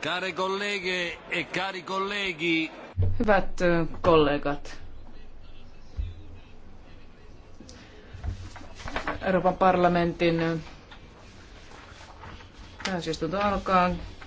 Care colleghe e cari colleghi. Hyvät kollegat. Euroopan parlamentin täysistunto alkaa